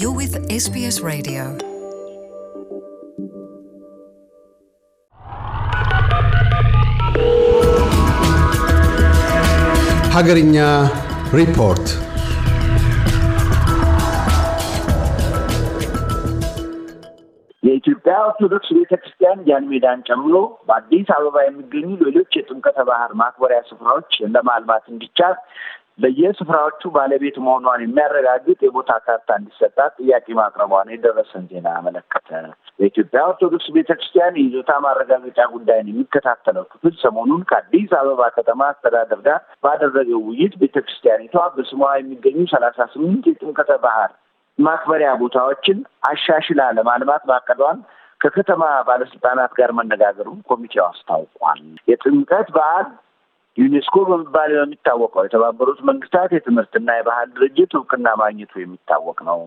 You're with SBS Radio. ሀገርኛ ሪፖርት የኢትዮጵያ ኦርቶዶክስ ቤተክርስቲያን ክርስቲያን ጃን ሜዳን ጨምሮ በአዲስ አበባ የሚገኙ ሌሎች የጥምቀተ ባህር ማክበሪያ ስፍራዎች ለማልማት እንዲቻል በየስፍራዎቹ ባለቤት መሆኗን የሚያረጋግጥ የቦታ ካርታ እንዲሰጣት ጥያቄ ማቅረቧን የደረሰን ዜና አመለከተ። በኢትዮጵያ ኦርቶዶክስ ቤተክርስቲያን የይዞታ ማረጋገጫ ጉዳይን የሚከታተለው ክፍል ሰሞኑን ከአዲስ አበባ ከተማ አስተዳደር ጋር ባደረገው ውይይት ቤተክርስቲያኒቷ በስሟ የሚገኙ ሰላሳ ስምንት የጥምቀተ ባህር ማክበሪያ ቦታዎችን አሻሽላ ለማልማት ማቀዷን ከከተማ ባለስልጣናት ጋር መነጋገሩን ኮሚቴው አስታውቋል። የጥምቀት በዓል ዩኔስኮ በመባል የሚታወቀው የተባበሩት መንግስታት የትምህርትና የባህል ድርጅት እውቅና ማግኘቱ የሚታወቅ ነው።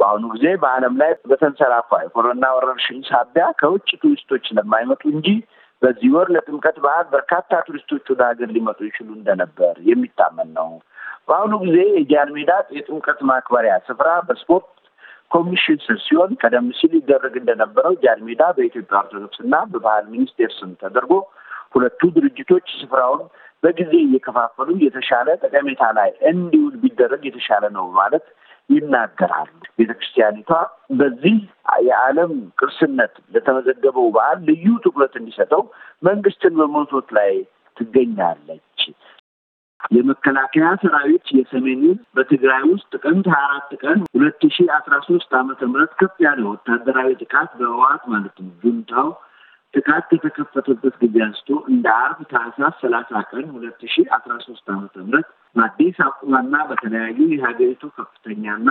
በአሁኑ ጊዜ በዓለም ላይ በተንሰራፋ የኮሮና ወረርሽኝ ሳቢያ ከውጭ ቱሪስቶች ስለማይመጡ እንጂ በዚህ ወር ለጥምቀት በዓል በርካታ ቱሪስቶች ወደ ሀገር ሊመጡ ይችሉ እንደነበር የሚታመን ነው። በአሁኑ ጊዜ የጃን ሜዳ የጥምቀት ማክበሪያ ስፍራ በስፖርት ኮሚሽን ስር ሲሆን ቀደም ሲል ይደረግ እንደነበረው ጃን ሜዳ በኢትዮጵያ ኦርቶዶክስና በባህል ሚኒስቴር ስም ተደርጎ ሁለቱ ድርጅቶች ስፍራውን በጊዜ እየከፋፈሉ የተሻለ ጠቀሜታ ላይ እንዲውል ቢደረግ የተሻለ ነው ማለት ይናገራል። ቤተክርስቲያኒቷ በዚህ የዓለም ቅርስነት ለተመዘገበው በዓል ልዩ ትኩረት እንዲሰጠው መንግስትን በመቶት ላይ ትገኛለች። የመከላከያ ሰራዊት የሰሜን በትግራይ ውስጥ ጥቅምት ሀያ አራት ቀን ሁለት ሺ አስራ ሶስት አመተ ምህረት ከፍ ያለ ወታደራዊ ጥቃት በህወሓት ነው ጁንታው ጥቃት የተከፈተበት ጊዜ አንስቶ እንደ አርብ ታህሳስ ሰላሳ ቀን ሁለት ሺ አስራ ሶስት አመተ ምህረት በአዲስ አበባና በተለያዩ የሀገሪቱ ከፍተኛና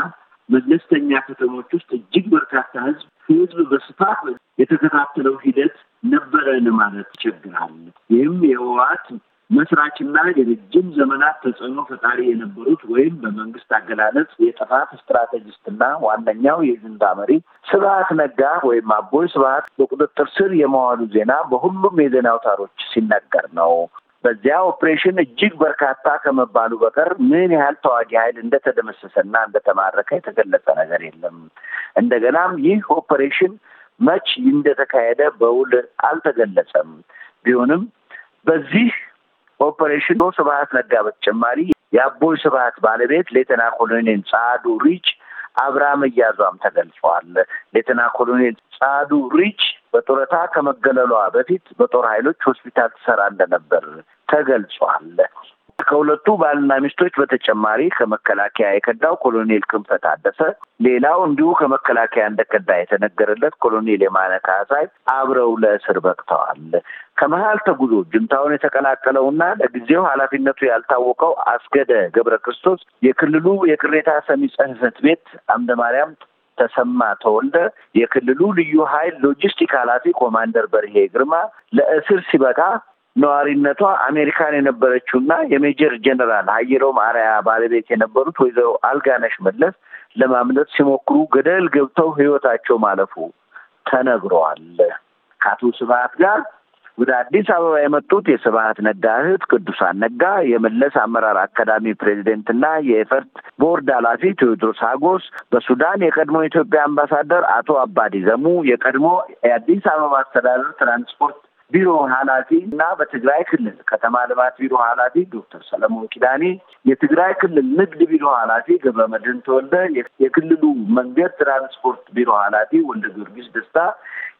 መለስተኛ ከተሞች ውስጥ እጅግ በርካታ ህዝብ ህዝብ በስፋት የተከታተለው ሂደት ነበረን ማለት ይቸግራል። ይህም የህወሓት መስራችና የረጅም ዘመናት ተጽዕኖ ፈጣሪ የነበሩት ወይም በመንግስት አገላለጽ የጥፋት ስትራቴጂስትና ዋነኛው የጁንታ መሪ ስብሀት ነጋ ወይም አቦይ ስብሀት በቁጥጥር ስር የመዋሉ ዜና በሁሉም የዜና አውታሮች ሲነገር ነው። በዚያ ኦፕሬሽን እጅግ በርካታ ከመባሉ በቀር ምን ያህል ተዋጊ ኃይል እንደተደመሰሰና እንደተማረከ የተገለጸ ነገር የለም። እንደገናም ይህ ኦፕሬሽን መች እንደተካሄደ በውል አልተገለጸም። ቢሆንም በዚህ ኦፐሬሽን ስብሀት ነጋ በተጨማሪ የአቦይ ስብሀት ባለቤት ሌተና ኮሎኔል ጻዱ ሪች አብርሃም እያዟም ተገልጸዋል። ሌተና ኮሎኔል ጻዱ ሪች በጡረታ ከመገለሏ በፊት በጦር ኃይሎች ሆስፒታል ትሰራ እንደነበር ተገልጿል። ከሁለቱ ባልና ሚስቶች በተጨማሪ ከመከላከያ የከዳው ኮሎኔል ክንፈ ታደሰ፣ ሌላው እንዲሁ ከመከላከያ እንደከዳ የተነገረለት ኮሎኔል የማነ ካህሳይ አብረው ለእስር በቅተዋል። ከመሀል ተጉዞ ጁንታውን የተቀላቀለውና ለጊዜው ኃላፊነቱ ያልታወቀው አስገደ ገብረ ክርስቶስ የክልሉ የቅሬታ ሰሚ ጽህፈት ቤት አምደ ማርያም ተሰማ ተወልደ፣ የክልሉ ልዩ ኃይል ሎጂስቲክ ኃላፊ ኮማንደር በርሄ ግርማ ለእስር ሲበቃ ነዋሪነቷ አሜሪካን የነበረችውና የሜጀር ጀነራል ሀየሎም ማርያ ባለቤት የነበሩት ወይዘሮ አልጋነሽ መለስ ለማምለጥ ሲሞክሩ ገደል ገብተው ሕይወታቸው ማለፉ ተነግሯል። ከአቶ ስብሀት ጋር ወደ አዲስ አበባ የመጡት የስብሀት ነጋ እህት ቅዱሳን ነጋ የመለስ አመራር አካዳሚ ፕሬዚደንትና የኤፈርት ቦርድ ኃላፊ ቴዎድሮስ ሀጎስ፣ በሱዳን የቀድሞ የኢትዮጵያ አምባሳደር አቶ አባዲ ዘሙ፣ የቀድሞ የአዲስ አበባ አስተዳደር ትራንስፖርት ቢሮ ኃላፊ እና በትግራይ ክልል ከተማ ልማት ቢሮ ኃላፊ ዶክተር ሰለሞን ኪዳኔ፣ የትግራይ ክልል ንግድ ቢሮ ኃላፊ ገብረመድህን ተወልደ፣ የክልሉ መንገድ ትራንስፖርት ቢሮ ኃላፊ ወልደ ጊዮርጊስ ደስታ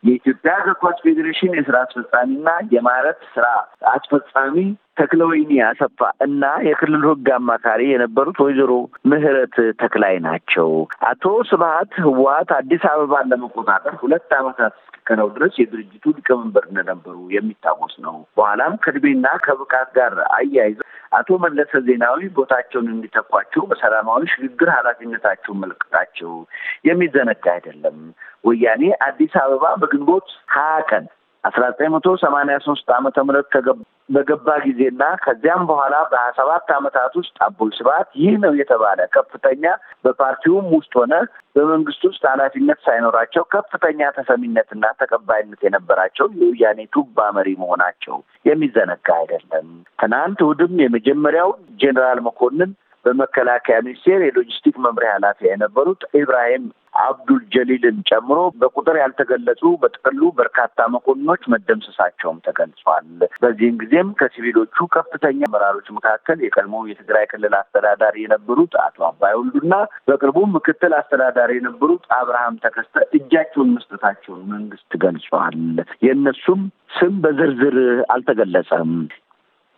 የኢትዮጵያ እግር ኳስ ፌዴሬሽን የስራ አስፈጻሚና የማረት ስራ አስፈጻሚ ተክለወይኒ አሰፋ እና የክልሉ ህግ አማካሪ የነበሩት ወይዘሮ ምህረት ተክላይ ናቸው። አቶ ስብሀት ህወሀት አዲስ አበባን ለመቆጣጠር ሁለት ዓመታት እስከከረው ድረስ የድርጅቱ ሊቀመንበር እንደነበሩ የሚታወስ ነው። በኋላም ከእድሜና ከብቃት ጋር አያይዘው አቶ መለሰ ዜናዊ ቦታቸውን እንዲተኳቸው በሰላማዊ ሽግግር ኃላፊነታቸውን መልክታቸው የሚዘነጋ አይደለም። ወያኔ አዲስ አበባ በግንቦት ሀያ ቀን አስራ ዘጠኝ መቶ ሰማኒያ ሶስት አመተ ምህረት ከገባ በገባ ጊዜና ከዚያም በኋላ በሀያ ሰባት ዓመታት ውስጥ አቡል ስብሐት ይህ ነው የተባለ ከፍተኛ በፓርቲውም ውስጥ ሆነ በመንግስት ውስጥ ኃላፊነት ሳይኖራቸው ከፍተኛ ተሰሚነትና ተቀባይነት የነበራቸው የወያኔ ቱባ መሪ መሆናቸው የሚዘነጋ አይደለም። ትናንት እሁድም የመጀመሪያው ጄኔራል መኮንን በመከላከያ ሚኒስቴር የሎጂስቲክ መምሪያ ኃላፊ የነበሩት ኢብራሂም አብዱል ጀሊልን ጨምሮ በቁጥር ያልተገለጹ በጥቅሉ በርካታ መኮንኖች መደምሰሳቸውም ተገልጿል። በዚህም ጊዜም ከሲቪሎቹ ከፍተኛ አመራሮች መካከል የቀድሞ የትግራይ ክልል አስተዳዳሪ የነበሩት አቶ አባይ ወልዱና በቅርቡ ምክትል አስተዳዳሪ የነበሩት አብርሃም ተከስተ እጃቸውን መስጠታቸውን መንግስት ገልጿል። የእነሱም ስም በዝርዝር አልተገለጸም።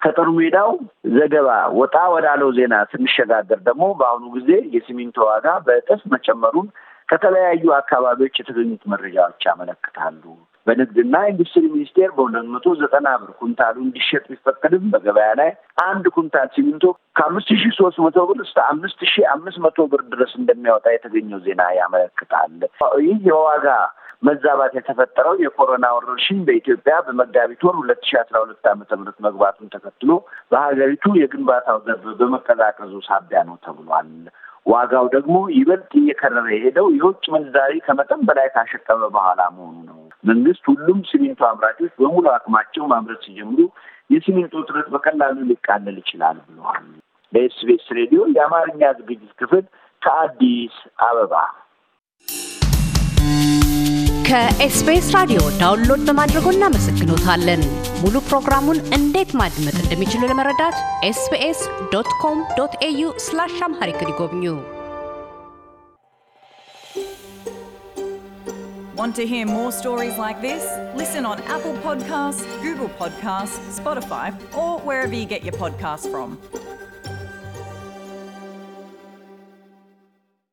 ከጦር ሜዳው ዘገባ ወጣ ወዳለው ዜና ስንሸጋገር ደግሞ በአሁኑ ጊዜ የሲሚንቶ ዋጋ በእጥፍ መጨመሩን ከተለያዩ አካባቢዎች የተገኙት መረጃዎች ያመለክታሉ። በንግድና ኢንዱስትሪ ሚኒስቴር በሁለት መቶ ዘጠና ብር ኩንታሉ እንዲሸጥ ቢፈቀድም በገበያ ላይ አንድ ኩንታል ሲሚንቶ ከአምስት ሺ ሶስት መቶ ብር እስከ አምስት ሺ አምስት መቶ ብር ድረስ እንደሚያወጣ የተገኘው ዜና ያመለክታል። ይህ የዋጋ መዛባት የተፈጠረው የኮሮና ወረርሽኝ በኢትዮጵያ በመጋቢት ወር ሁለት ሺ አስራ ሁለት ዓመተ ምህረት መግባቱን ተከትሎ በሀገሪቱ የግንባታው ዘርፍ በመቀዛቀዙ ሳቢያ ነው ተብሏል። ዋጋው ደግሞ ይበልጥ እየከረረ የሄደው የውጭ ምንዛሪ ከመጠን በላይ ካሸቀበ በኋላ መሆኑ ነው። መንግስት ሁሉም ሲሚንቶ አምራቾች በሙሉ አቅማቸው ማምረት ሲጀምሩ የሲሚንቶ እጥረት በቀላሉ ሊቃለል ይችላል ብለዋል። ለኤስቢኤስ ሬዲዮ የአማርኛ ዝግጅት ክፍል ከአዲስ አበባ ከኤስቢኤስ ራዲዮ ዳውንሎድ በማድረጎ እናመሰግኖታለን። ሙሉ ፕሮግራሙን እንዴት ማድመጥ እንደሚችሉ ለመረዳት ኤስቢኤስ ዶት ኮም ዶት ኤዩ ስላሽ አምሃሪክ ይጎብኙ። Want to hear more stories like this? Listen on Apple Podcasts, Google Podcasts, Spotify, or wherever you get your podcasts from.